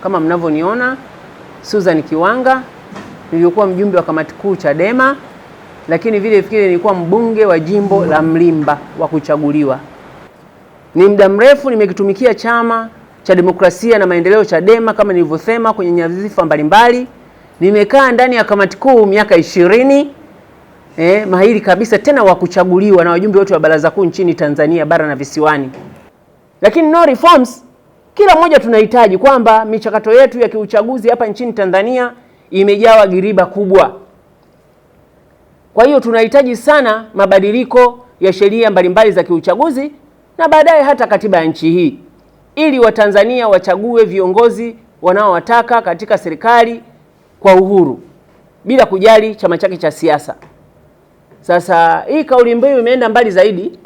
kama mnavyoniona, Susan Kiwanga, nilikuwa mjumbe wa kamati kuu Chadema, lakini vile vile nilikuwa mbunge wa jimbo la Mlimba wa kuchaguliwa. Ni muda mrefu nimekitumikia chama cha demokrasia na maendeleo Chadema, kama nilivyosema kwenye nyadhifa mbalimbali. Nimekaa ndani ya kamati kuu miaka ishirini. Eh, mahiri kabisa tena wa kuchaguliwa na wajumbe wote wa baraza kuu nchini Tanzania bara na visiwani, lakini no reforms kila mmoja tunahitaji kwamba michakato yetu ya kiuchaguzi hapa nchini Tanzania imejawa giriba kubwa. Kwa hiyo tunahitaji sana mabadiliko ya sheria mbalimbali za kiuchaguzi na baadaye hata katiba ya nchi hii ili Watanzania wachague viongozi wanaowataka katika serikali kwa uhuru bila kujali chama chake cha siasa. Sasa hii kauli mbiu imeenda mbali zaidi.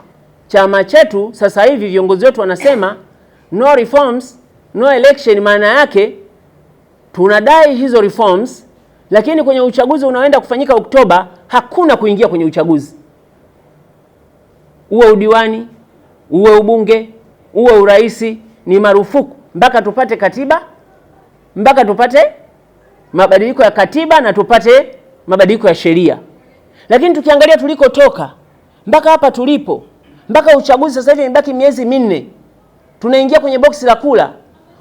Chama chetu sasa hivi viongozi wetu wanasema no reforms no election, maana yake tunadai hizo reforms, lakini kwenye uchaguzi unaoenda kufanyika Oktoba hakuna kuingia kwenye uchaguzi, uwe udiwani, uwe ubunge, uwe uraisi, ni marufuku mpaka tupate katiba, mpaka tupate mabadiliko ya katiba na tupate mabadiliko ya sheria. Lakini tukiangalia tulikotoka mpaka hapa tulipo, mpaka uchaguzi sasa hivi imebaki miezi minne tunaingia kwenye boksi la kula.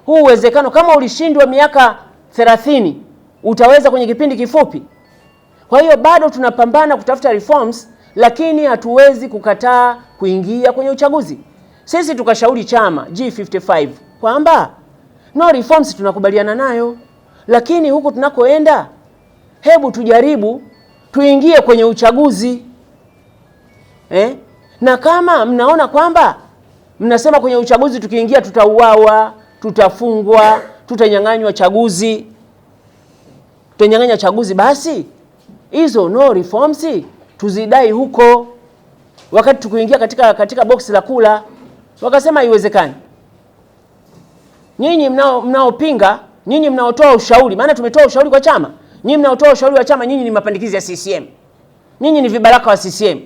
Huu uwezekano kama ulishindwa miaka 30 utaweza kwenye kipindi kifupi. Kwa hiyo bado tunapambana kutafuta reforms, lakini hatuwezi kukataa kuingia kwenye uchaguzi. Sisi tukashauri chama G55 kwamba no reforms tunakubaliana nayo, lakini huku tunakoenda, hebu tujaribu tuingie kwenye uchaguzi eh? na kama mnaona kwamba Mnasema kwenye uchaguzi tukiingia tutauawa, tutafungwa, tutanyang'anywa chaguzi, tutanyang'anya chaguzi. Basi hizo no reforms tuzidai huko, wakati tukuingia katika, katika boksi la kula wakasema haiwezekani. Nyinyi mnaopinga nyinyi mnaotoa ushauri, maana tumetoa ushauri kwa chama. Nyinyi mnaotoa ushauri wa chama, nyinyi ni mapandikizi ya CCM, nyinyi ni vibaraka wa CCM,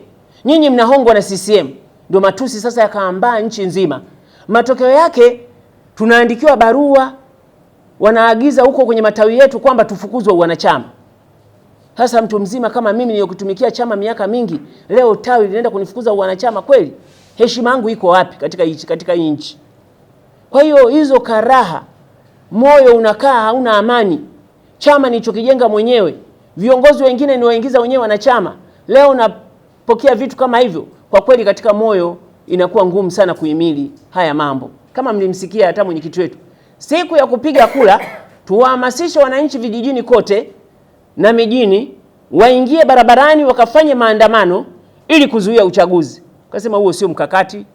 nyinyi mnahongwa na CCM ndio matusi sasa yakaambaa nchi nzima. Matokeo yake tunaandikiwa barua, wanaagiza huko kwenye matawi yetu kwamba tufukuzwe wanachama. Sasa mtu mzima kama mimi niliyokutumikia chama miaka mingi, leo tawi linaenda kunifukuza wanachama kweli? Heshima yangu iko wapi katika nchi, katika nchi? Kwa hiyo hizo karaha, moyo unakaa hauna amani. Chama nilichokijenga mwenyewe, viongozi wengine niwaingiza wenyewe wanachama, leo napokea vitu kama hivyo kwa kweli katika moyo inakuwa ngumu sana kuhimili haya mambo. Kama mlimsikia hata mwenyekiti wetu siku ya kupiga kura, tuwahamasishe wananchi vijijini kote na mijini waingie barabarani wakafanye maandamano ili kuzuia uchaguzi. Kasema huo sio mkakati.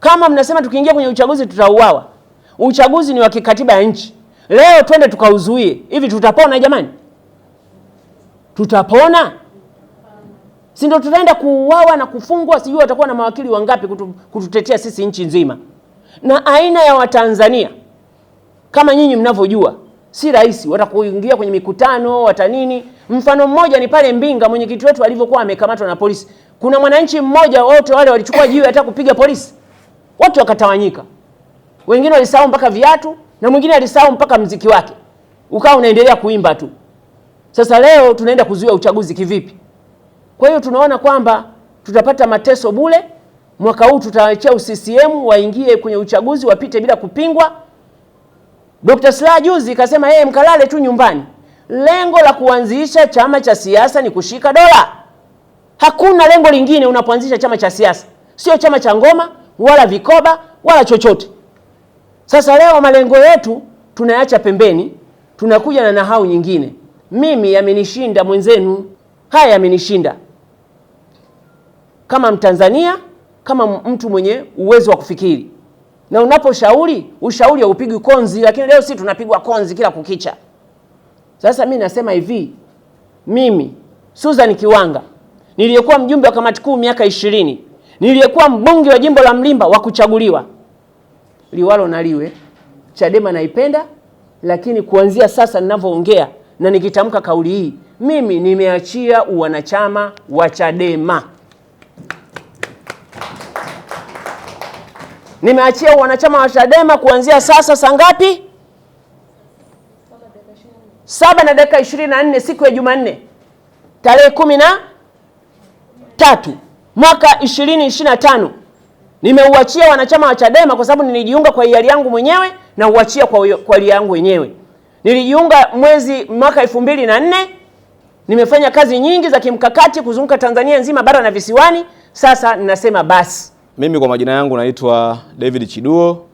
Kama mnasema tukiingia kwenye uchaguzi tutauawa, uchaguzi ni wa kikatiba ya nchi. Leo twende tukauzuie, hivi tutapona jamani? Tutapona? si ndio tutaenda kuuawa na kufungwa, sijui watakuwa na mawakili wangapi kutu, kututetea sisi nchi nzima. Na aina ya Watanzania kama nyinyi mnavyojua si rahisi, watakuingia kwenye mikutano watanini. Mfano mmoja ni pale Mbinga, mwenyekiti wetu alivyokuwa amekamatwa na polisi, kuna mwananchi mmoja, wote wale walichukua jiwe hata kupiga polisi, watu wakatawanyika, wengine walisahau mpaka viatu na mwingine alisahau mpaka mziki wake, ukawa unaendelea kuimba tu. Sasa leo tunaenda kuzuia uchaguzi kivipi? Kwa hiyo tunaona kwamba tutapata mateso bule. Mwaka huu tutawachia UCCM waingie kwenye uchaguzi wapite bila kupingwa. Dr. Slaa juzi kasema yeye mkalale tu nyumbani. Lengo la kuanzisha chama cha siasa ni kushika dola. Hakuna lengo lingine unapoanzisha chama cha siasa, sio chama cha ngoma wala vikoba wala chochote. Sasa leo malengo yetu tunaacha pembeni, tunakuja na nahau nyingine. Mimi yamenishinda, mwenzenu haya yamenishinda kama Mtanzania, kama mtu mwenye uwezo wa kufikiri. Na unaposhauri ushauri haupigwi konzi, lakini leo si tunapigwa konzi kila kukicha. Sasa mi nasema hivi, mimi Susan Kiwanga niliyekuwa mjumbe wa kamati kuu miaka ishirini, niliyekuwa mbunge wa jimbo la Mlimba wa kuchaguliwa, liwalo na liwe, Chadema naipenda, lakini kuanzia sasa ninavyoongea na nikitamka kauli hii, mimi nimeachia uwanachama wa Chadema. nimeachia wanachama wa Chadema kuanzia sasa saa ngapi? Saba na dakika ishirini na nne siku ya Jumanne tarehe kumi na tatu mwaka ishirini ishirini na tano nimeuachia wanachama wa Chadema kwa sababu nilijiunga kwa hiari yangu mwenyewe na uachia kwa kwa hiari yangu wenyewe. Nilijiunga mwezi mwaka elfu mbili na nne. Nimefanya kazi nyingi za kimkakati kuzunguka Tanzania nzima bara na visiwani. Sasa ninasema basi mimi kwa majina yangu naitwa David Chiduo,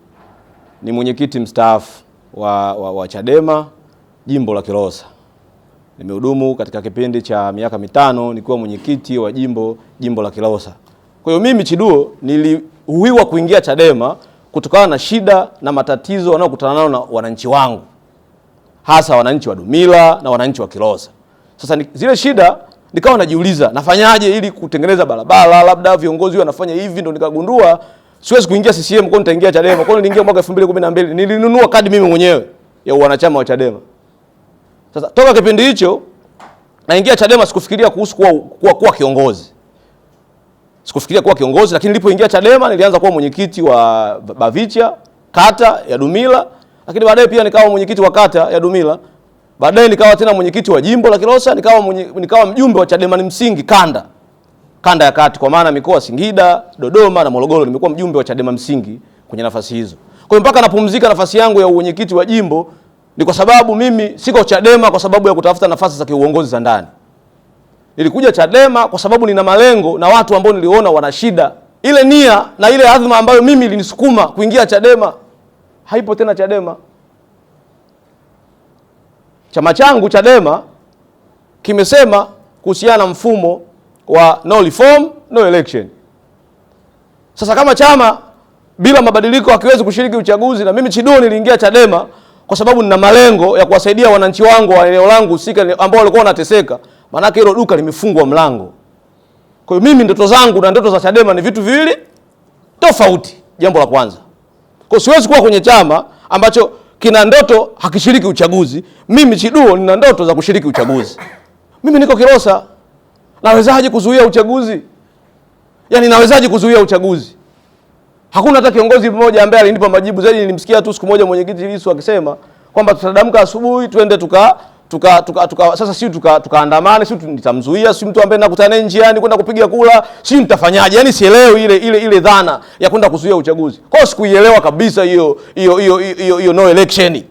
ni mwenyekiti mstaafu wa, wa, wa Chadema jimbo la Kilosa. Nimehudumu katika kipindi cha miaka mitano nikiwa mwenyekiti wa jimbo jimbo la Kilosa. Kwa hiyo mimi Chiduo nilihuiwa kuingia Chadema kutokana na shida na matatizo wanaokutana nao na wananchi wangu, hasa wananchi wa Dumila na wananchi wa Kilosa. Sasa zile shida nikawa najiuliza nafanyaje ili kutengeneza barabara, labda viongozi wanafanya hivi, ndo nikagundua siwezi kuingia CCM kwa nitaingia Chadema. Kwa hiyo niliingia mwaka 2012 nilinunua kadi mimi mwenyewe ya wanachama wa Chadema. Sasa toka kipindi hicho naingia Chadema sikufikiria kuhusu kuwa, kuwa, kuwa kiongozi. Sikufikiria kuwa kiongozi, lakini nilipoingia Chadema nilianza kuwa mwenyekiti wa Bavicha kata ya Dumila, lakini baadaye pia nikawa mwenyekiti wa kata ya Dumila. Baadaye nikawa tena mwenyekiti wa jimbo la Kilosa, nikawa mwenye, nikawa mjumbe wa Chadema ni msingi kanda kanda ya kati, kwa maana mikoa Singida, Dodoma na Morogoro. Nimekuwa mjumbe wa Chadema msingi kwenye nafasi hizo. Kwa hiyo mpaka napumzika nafasi yangu ya mwenyekiti wa jimbo ni kwa sababu mimi siko Chadema kwa sababu ya kutafuta nafasi za kiuongozi za ndani. Nilikuja Chadema kwa sababu nina malengo na watu ambao niliona wana shida. Ile nia na ile azma ambayo mimi ilinisukuma kuingia Chadema haipo tena Chadema. Chama changu Chadema kimesema kuhusiana na mfumo wa no reform no election. Sasa kama chama bila mabadiliko hakiwezi kushiriki uchaguzi, na mimi Chiduo niliingia Chadema kwa sababu nina malengo ya kuwasaidia wananchi wangu wa eneo langu husika ambao walikuwa wanateseka, maanake hilo duka limefungwa mlango. Kwa hiyo mimi ndoto zangu na ndoto za Chadema ni vitu viwili tofauti, jambo la kwanza. Kwa siwezi kuwa kwenye chama ambacho kina ndoto hakishiriki uchaguzi. Mimi Chiduo nina ndoto za kushiriki uchaguzi. Mimi niko Kilosa, nawezaje kuzuia uchaguzi? Yaani nawezaje kuzuia uchaguzi? Hakuna hata kiongozi mmoja ambaye alinipa majibu zaidi. Nilimsikia tu siku moja mwenyekiti Lissu akisema kwamba tutadamka asubuhi twende tuka tuka, tuka, tuka, sasa si tukaandamane tuka si nitamzuia si mtu ambaye nakutana naye njiani kwenda kupiga kula si nitafanyaje? Yani sielewi ile ile ile dhana ya kwenda kuzuia uchaguzi. Kwa hiyo sikuielewa kabisa hiyo hiyo hiyo hiyo hiyo no election.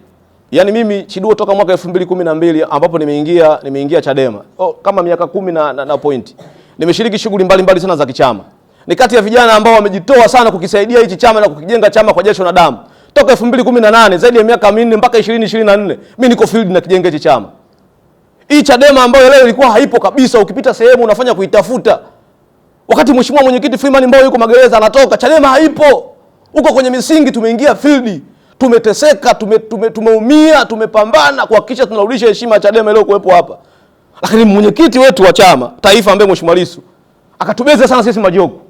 yani mimi Chiduo toka mwaka 2012 ambapo nimeingia nimeingia Chadema. Oh, kama miaka kumi na, na, na point. Nimeshiriki shughuli mbalimbali sana za kichama. Ni kati ya vijana ambao wamejitoa sana kukisaidia hichi chama na kukijenga chama kwa jasho na damu toka 2018 zaidi ya miaka minne mpaka 2024 mimi niko field na kijenge hichi chama. Hii Chadema ambayo leo ilikuwa haipo kabisa, ukipita sehemu unafanya kuitafuta. Wakati mheshimiwa mwenyekiti Freeman Mbowe yuko magereza anatoka, Chadema haipo. huko kwenye misingi tumeingia field, tumeteseka, tume, tume, tumeumia, tumepambana kuhakikisha tunarudisha heshima ya Chadema ile iliyokuwepo hapa. Lakini mwenyekiti wetu wa chama taifa ambaye mheshimiwa Lissu akatubeza sana sisi majoku.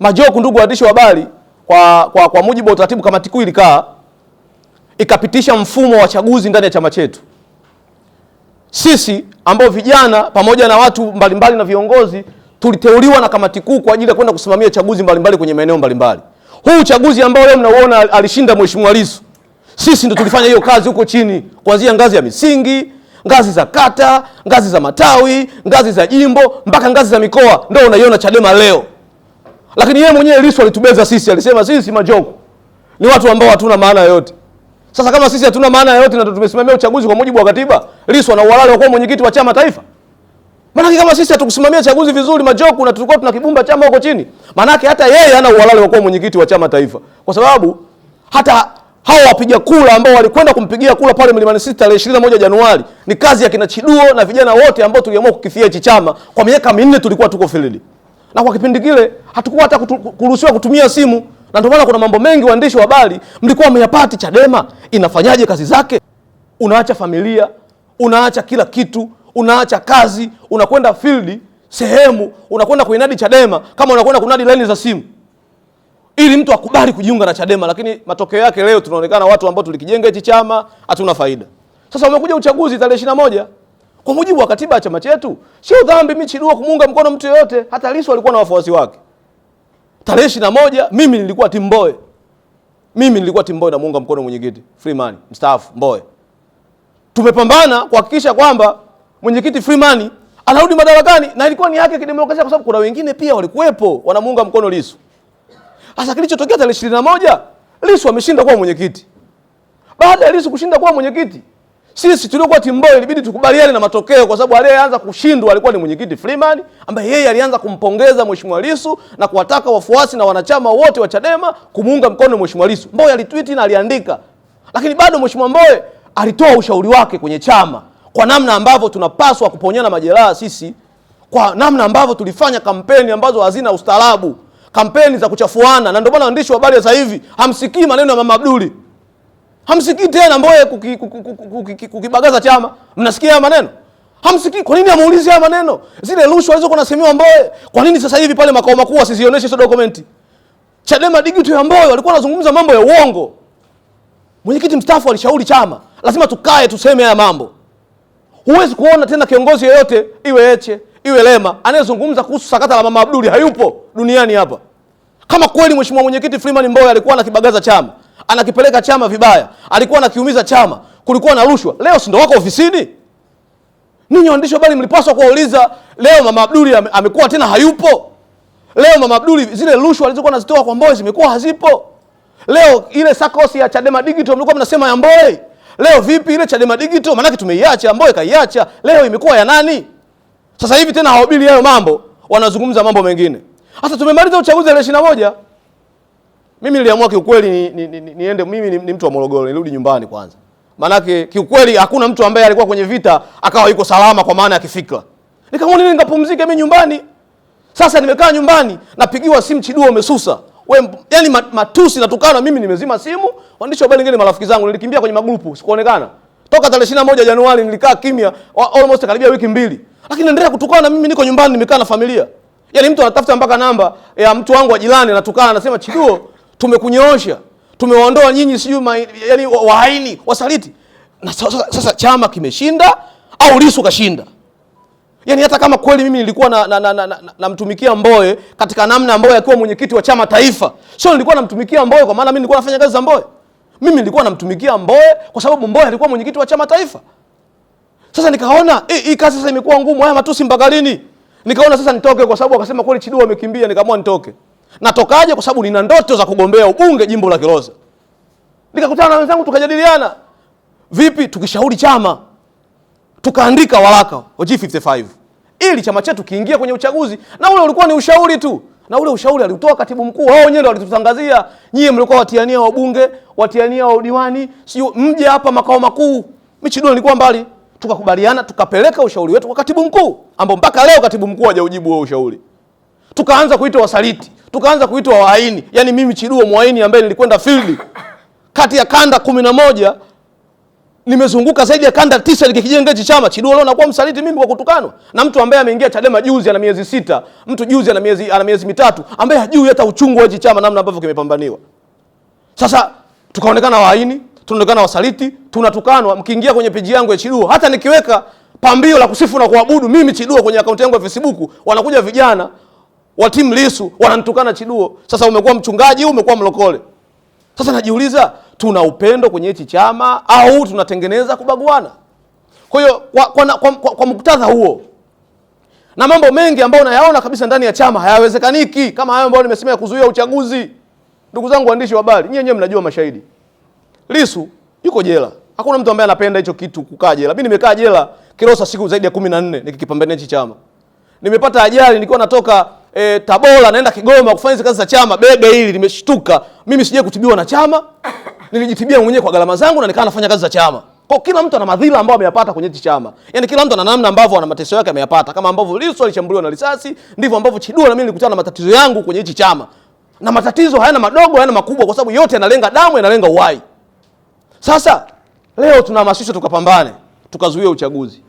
Majoku, ndugu waandishi wa habari, kwa, kwa, kwa mujibu wa utaratibu kamati kuu ilikaa ikapitisha mfumo wa chaguzi ndani ya chama chetu. Sisi ambao vijana pamoja na watu mbalimbali mbali na viongozi tuliteuliwa na kamati kuu kwa ajili ya kwenda kusimamia chaguzi mbalimbali mbali kwenye maeneo mbalimbali. Huu uchaguzi ambao leo mnauona alishinda Mheshimiwa Lissu, sisi ndo tulifanya hiyo kazi huko chini, kuanzia ngazi ya misingi, ngazi za kata, ngazi za matawi, ngazi za jimbo mpaka ngazi za mikoa, ndio unaiona Chadema leo. Lakini yeye mwenyewe Lissu alitubeza sisi, alisema sisi si majoko ni watu ambao hatuna maana yoyote. Sasa kama sisi hatuna maana yoyote na tumesimamia uchaguzi kwa mujibu wa katiba, Lissu ana uhalali wa kuwa mwenyekiti wa chama taifa? Maana kama sisi hatukusimamia chaguzi vizuri majoku, na tulikuwa tunakibumba chama huko chini, maana hata yeye hana uhalali wa kuwa mwenyekiti wa chama taifa, kwa sababu hata hao wapiga kura ambao walikwenda kumpigia kura pale Mlimani City tarehe 21 Januari ni kazi ya kina Chiduo na vijana wote ambao tuliamua kukifia hichi chama. Kwa miaka minne tulikuwa tuko filili na kwa kipindi kile hatukuwa hata kuruhusiwa kutumia simu, na ndio maana kuna mambo mengi waandishi wa habari mlikuwa mmeyapati. Chadema inafanyaje kazi zake? Unaacha familia, unaacha kila kitu, unaacha kazi, unakwenda field sehemu, unakwenda kuinadi Chadema kama unakwenda kunadi laini za simu ili mtu akubali kujiunga na Chadema. Lakini matokeo yake leo tunaonekana watu ambao tulikijenga hichi chama hatuna faida. Sasa umekuja uchaguzi tarehe ishirini na moja. Kwa mujibu wa katiba ya chama chetu, sio dhambi mimi Chidua kumuunga mkono mtu yoyote. Hata Lissu alikuwa na wafuasi wake. Tarehe ishirini na moja mimi nilikuwa timu Mbowe, mimi nilikuwa timu Mbowe na muunga mkono mwenyekiti Freeman mstaafu Mbowe. Tumepambana kuhakikisha kwamba mwenyekiti Freeman anarudi madarakani, na ilikuwa ni haki ya kidemokrasia, kwa sababu kuna wengine pia walikuwepo wanamuunga mkono Lissu. Sasa kilichotokea tarehe ishirini na moja Lissu ameshinda kuwa mwenyekiti. Baada ya Lissu kushinda kuwa mwenyekiti sisi tuliokuwa Timboi ilibidi tukubaliane na matokeo, kwa sababu aliyeanza kushindwa alikuwa ni mwenyekiti Freeman, ambaye yeye alianza kumpongeza Mheshimiwa Lissu na kuwataka wafuasi na wanachama wote wa Chadema kumuunga mkono Mheshimiwa Lissu. Mbowe alitweet na aliandika, lakini bado Mheshimiwa Mbowe alitoa ushauri wake kwenye chama kwa namna ambavyo tunapaswa kuponyana majeraha sisi, kwa namna ambavyo tulifanya kampeni ambazo hazina ustaarabu, kampeni za kuchafuana, na ndio maana waandishi wa habari sasa hivi hamsikii maneno ya Mama Abduli. Hamsikii tena Mbowe kukibagaza chama, mnasikia haya maneno hamsikii. Kwa nini amuulizi haya maneno? Zile rushwa alizokuwa nasemiwa Mbowe, kwa nini sasa hivi pale makao makuu asizionyeshe hizo dokumenti? Chadema digitu ya Mbowe walikuwa wanazungumza mambo ya uongo. Mwenyekiti mstaafu alishauri chama, lazima tukae tuseme haya mambo. Huwezi kuona tena kiongozi yeyote iwe eche iwe Lema anayezungumza kuhusu sakata la mama Abduli hayupo duniani hapa. Kama kweli mheshimiwa mwenyekiti Freeman Mbowe alikuwa anakibagaza chama anakipeleka chama vibaya, alikuwa anakiumiza chama, kulikuwa na rushwa. Leo si ndo wako ofisini? Ninyi waandishi habari mlipaswa kuwauliza leo mama Abduli amekuwa tena hayupo? Leo mama Abduli zile rushwa alizokuwa anazitoa kwa Mbowe zimekuwa hazipo? Leo ile sakosi ya Chadema Digital mlikuwa mnasema ya Mbowe, leo vipi ile Chadema Digital? Maanake tumeiacha, Mbowe kaiacha, leo imekuwa ya nani? Sasa hivi tena hawabili hayo mambo, wanazungumza mambo mengine. Sasa tumemaliza uchaguzi wa 21 mimi niliamua kiukweli ni, ni, ni, ni, niende mimi ni, ni mtu wa Morogoro nirudi nyumbani kwanza. Maanake kiukweli hakuna mtu ambaye alikuwa kwenye vita akawa yuko salama kwa maana ya kifikra. Nikamwona nini nikapumzike mimi nyumbani. Sasa nimekaa nyumbani napigiwa simu Chiduo umesusa. We, yani matusi natukana mimi nimezima simu. Waandishi habari wengine marafiki zangu nilikimbia kwenye magrupu sikuonekana. Toka tarehe 21 Januari nilikaa kimya almost karibia wiki mbili. Lakini naendelea kutukana mimi niko nyumbani nimekaa na familia. Yaani mtu anatafuta mpaka namba ya mtu wangu wa jirani anatukana anasema Chiduo tumekunyoosha, tumewaondoa nyinyi sijui yani wahaini, wasaliti. Na sasa, sasa chama kimeshinda au lisu kashinda? yani hata kama kweli mimi nilikuwa namtumikia na, na, na, na, na Mbowe katika namna Mbowe akiwa mwenyekiti wa chama taifa, sio nilikuwa namtumikia Mbowe kwa maana mimi nilikuwa nafanya kazi za Mbowe. Mimi nilikuwa namtumikia Mbowe kwa sababu Mbowe alikuwa mwenyekiti wa chama taifa. Sasa nikaona eh, hii e, e, kazi sasa imekuwa ngumu, haya matusi mpaka lini? Nikaona sasa nitoke, kwa sababu akasema kweli chidua amekimbia, nikaamua nitoke natokaje? Kwa sababu nina ndoto za kugombea ubunge jimbo la Kiroza. Nikakutana na wenzangu tukajadiliana, vipi tukishauri chama, tukaandika waraka wa G55 ili chama chetu kiingia kwenye uchaguzi, na ule ulikuwa ni ushauri tu, na ule ushauri alitoa katibu mkuu. Wao wenyewe walitutangazia, nyie mlikuwa watiania wa bunge, watiania wa diwani, sio mje hapa makao makuu. Michiduo nilikuwa mbali, tukakubaliana tukapeleka ushauri wetu kwa katibu mkuu, ambao mpaka leo katibu mkuu hajaujibu huo ushauri tukaanza kuitwa wasaliti, tukaanza kuitwa waaini. Yaani mimi Chiduo mwaini ambaye nilikwenda field kati ya kanda kumi na moja nimezunguka zaidi ya kanda tisa nikikijenga hichi chama. Chiduo leo nakuwa msaliti mimi kwa kutukanwa na mtu ambaye ameingia Chadema juzi ana miezi sita, mtu juzi ana miezi ana miezi mitatu ambaye hajui hata uchungu wa hichi chama namna ambavyo kimepambaniwa. Sasa tukaonekana waaini, tunaonekana wasaliti, tunatukanwa. Mkiingia kwenye peji yangu ya Chiduo, hata nikiweka pambio la kusifu na kuabudu mimi Chiduo kwenye akaunti yangu ya Facebook, wanakuja vijana wa timu Lisu wanamtukana Chiduo. Sasa umekuwa mchungaji, umekuwa mlokole. Sasa najiuliza, tuna upendo kwenye hichi chama au tunatengeneza kubaguana? Kwa hiyo kwa, kwa, kwa, kwa, kwa muktadha huo na mambo mengi ambayo unayaona kabisa ndani ya chama hayawezekaniki, kama hayo ambayo nimesema ya kuzuia uchaguzi. Ndugu zangu waandishi wa habari, nyinyi mnajua mashahidi. Lisu yuko jela, hakuna mtu ambaye anapenda hicho kitu kukaa jela. Mimi nimekaa jela Kilosa siku zaidi ya 14 nikikipambania hichi chama. Nimepata ajali nikiwa natoka e, Tabora naenda Kigoma kufanya hizo kazi za chama, bebe hili limeshtuka. Mimi sije kutibiwa na chama, nilijitibia mwenyewe kwa gharama zangu na nikawa nafanya kazi za chama. Kwa kila mtu ana madhila ambayo ameyapata kwenye chama. Yaani kila mtu ana namna ambavyo ana mateso yake ameyapata. Kama ambavyo Lissu alishambuliwa na risasi, ndivyo ambavyo Chidua na mimi nilikutana na matatizo yangu kwenye hichi chama. Na matatizo hayana madogo, hayana makubwa kwa sababu yote yanalenga damu, yanalenga uhai. Sasa leo tunahamasishwa tukapambane, tukazuia uchaguzi.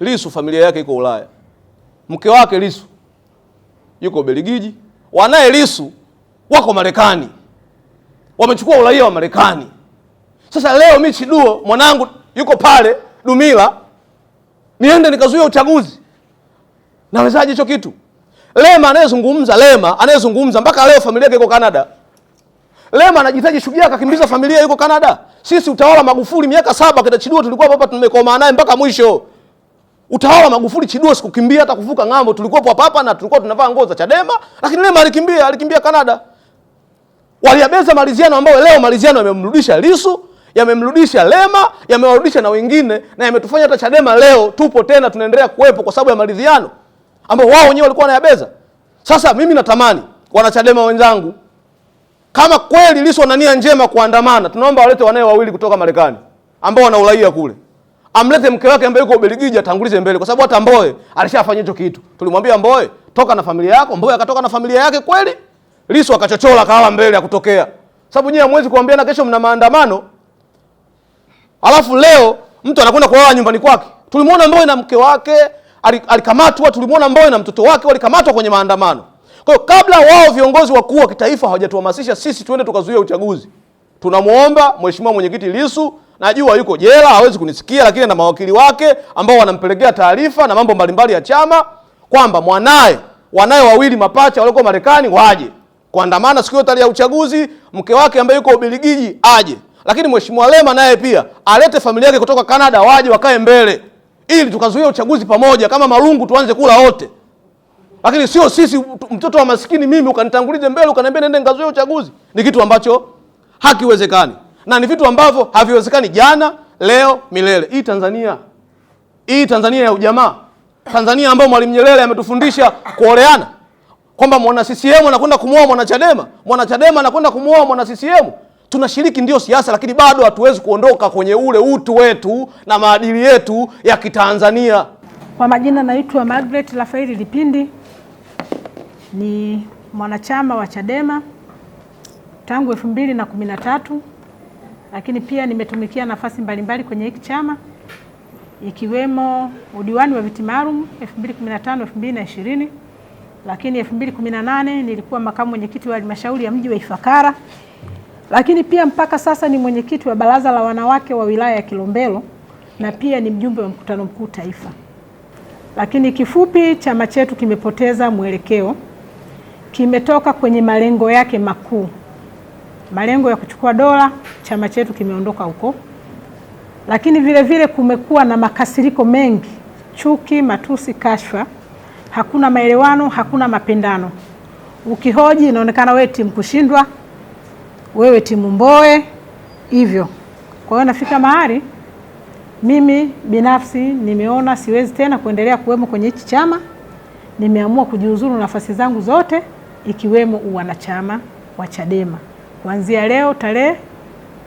Lissu familia yake iko Ulaya. Mke wake Lissu yuko Ubelgiji, wanaye Lisu wako Marekani, wamechukua uraia wa Marekani. Sasa leo mi Chiduo mwanangu yuko pale Dumila, niende nikazuia uchaguzi? Nawezaje hicho kitu? Lema anayezungumza Lema anayezungumza mpaka leo familia yake iko Canada. Lema anajitaji shujaa, akakimbiza familia yuko Canada. Sisi utawala Magufuli miaka saba, kina Chiduo tulikuwa hapa tumekoma naye mpaka mwisho utawala Magufuli Chiduo sikukimbia hata kuvuka ng'ambo, tulikuwa hapo hapa na tulikuwa tunavaa nguo za Chadema, lakini Lema alikimbia, alikimbia Kanada. Waliabeza maliziano ambayo leo maliziano yamemrudisha Lisu, yamemrudisha Lema, yamewarudisha na wengine na yametufanya hata Chadema leo tupo tena tunaendelea kuwepo kwa sababu ya maliziano ambao wao wenyewe walikuwa wanayabeza. Sasa mimi natamani wanachadema wenzangu, kama kweli Lisu wana nia njema kuandamana, tunaomba walete wanae wawili kutoka Marekani ambao wana uraia kule amlete mke wake ambaye yuko Ubelgiji atangulize mbele, kwa sababu hata Mboe alishafanya hicho kitu. Tulimwambia Mboe, toka na familia yako. Mboe akatoka na familia yake kweli. Lissu akachochola kawa mbele akutokea. Sababu nyinyi hamwezi kuambia na kesho mna maandamano. Alafu leo mtu anakwenda kuoa nyumbani kwake. Tulimwona Mboe na mke wake alikamatwa, tulimwona Mboe na mtoto wake walikamatwa kwenye maandamano. Kwa hiyo kabla wao viongozi wakuu wa kitaifa hawajatuhamasisha sisi tuende tukazuia uchaguzi, tunamwomba Mheshimiwa Mwenyekiti Lissu Najua yuko jela, hawezi kunisikia, lakini na mawakili wake ambao wanampelekea taarifa na mambo mbalimbali ya chama kwamba mwanaye, wanaye wawili mapacha walioko Marekani waje kuandamana siku hiyo ya uchaguzi, mke wake ambaye yuko ubiligiji aje, lakini mheshimiwa Lema naye pia alete familia yake kutoka Kanada waje wakae mbele, ili tukazuia uchaguzi pamoja, kama marungu tuanze kula wote. Lakini sio sisi, mtoto wa maskini mimi ukanitangulize mbele, ukaniambia nende ngazuia uchaguzi. Ni kitu ambacho hakiwezekani na ni vitu ambavyo haviwezekani jana, leo, milele. Hii Tanzania, hii Tanzania ya ujamaa, Tanzania ambayo Mwalimu Nyerere ametufundisha kuoleana, kwamba mwana CCM anakwenda kumwoa mwana Chadema, mwana Chadema anakwenda kumwoa mwana CCM. Tunashiriki ndio siasa, lakini bado hatuwezi kuondoka kwenye ule utu wetu na maadili yetu ya Kitanzania. Kwa majina naitwa Margaret Rafaeli Lipindi, ni mwanachama wa Chadema tangu elfu mbili na kumi na tatu lakini pia nimetumikia nafasi mbalimbali kwenye hiki chama ikiwemo udiwani wa viti maalum 2015 2020, lakini 2018 nilikuwa makamu mwenyekiti wa halmashauri ya mji wa Ifakara, lakini pia mpaka sasa ni mwenyekiti wa baraza la wanawake wa wilaya ya Kilombero na pia ni mjumbe wa mkutano mkuu taifa. Lakini kifupi, chama chetu kimepoteza mwelekeo, kimetoka kwenye malengo yake makuu malengo ya kuchukua dola, chama chetu kimeondoka huko. Lakini vile vile kumekuwa na makasiriko mengi, chuki, matusi, kashfa, hakuna maelewano, hakuna mapendano. Ukihoji inaonekana wewe timu kushindwa, wewe timu mboe hivyo. Kwa hiyo nafika mahali mimi binafsi nimeona siwezi tena kuendelea kuwemo kwenye hichi chama, nimeamua kujiuzuru nafasi zangu zote ikiwemo uwanachama wa Chadema kuanzia leo tarehe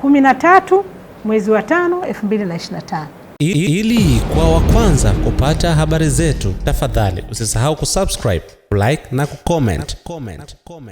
13 mwezi wa 5 2025. Ili kwa wa kwanza kupata habari zetu, tafadhali usisahau kusubscribe, like na kucomment.